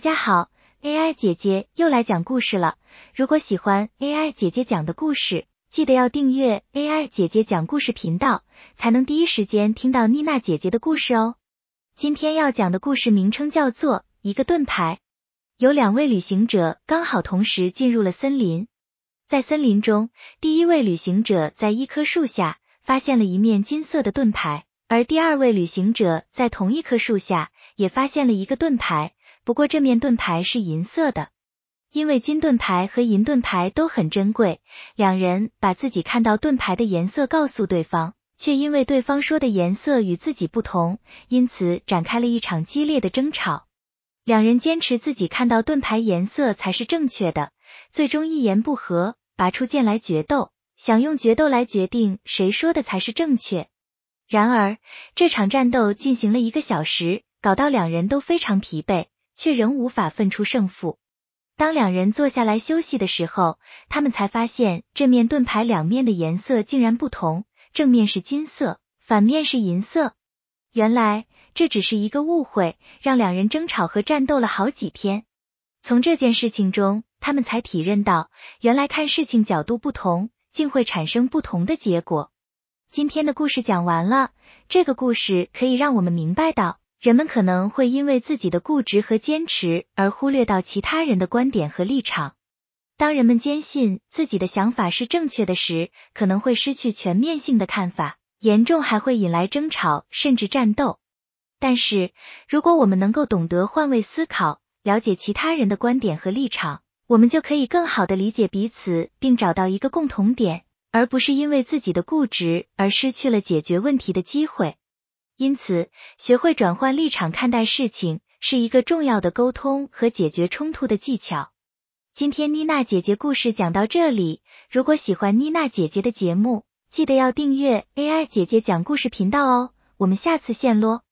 大家好，AI 姐姐又來講故事了。如果喜歡 AI 姐姐講的故事，記得要訂閱 AI 姐姐講故事頻道，才能第一時間聽到妮娜姐姐的故事哦。今天要講的故事名稱叫做《一個盾牌》。有兩位旅行者剛好同時進入了森林，在森林中，第一位旅行者在一棵樹下發現了一面金色的盾牌，而第二位旅行者在同一棵樹下也發現了一個盾牌。不過這面盾牌是銀色的，因為金盾牌和銀盾牌都很珍貴，兩人把自己看到盾牌的顏色告訴對方，卻因為對方說的顏色與自己不同，因此展開了一場激烈的爭吵。兩人堅持自己看到盾牌顏色才是正確的，最終一言不合，拔出劍來決鬥，想用決鬥來決定誰說的才是正確。然而這場戰鬥進行了一個小時，搞到兩人都非常疲憊。卻仍無法分出勝負。當兩人坐下來休息的時候，他們才發現這面盾牌兩面的顏色竟然不同，正面是金色，反面是銀色。原來這只是一個誤會，讓兩人爭吵和戰鬥了好幾天。從這件事情中，他們才體認到，原來看事情角度不同，竟會產生不同的結果。今天的故事講完了，這個故事可以讓我們明白到。人們可能會因為自己的固執和堅持而忽略到其他人的觀點和立場。當人們堅信自己的想法是正確的時，可能會失去全面性的看法，嚴重還會引來爭吵甚至戰鬥。但是，如果我們能夠懂得換位思考，了解其他人的觀點和立場，我們就可以更好地理解彼此，並找到一個共同點，而不是因為自己的固執而失去了解決問題的機會。因此，學會轉換立場看待事情，是一個重要的溝通和解決衝突的技巧。今天妮娜姐姐故事講到這裡，如果喜歡妮娜姐姐的節目，記得要訂閱 AI 姐姐講故事頻道哦。我們下次見咯！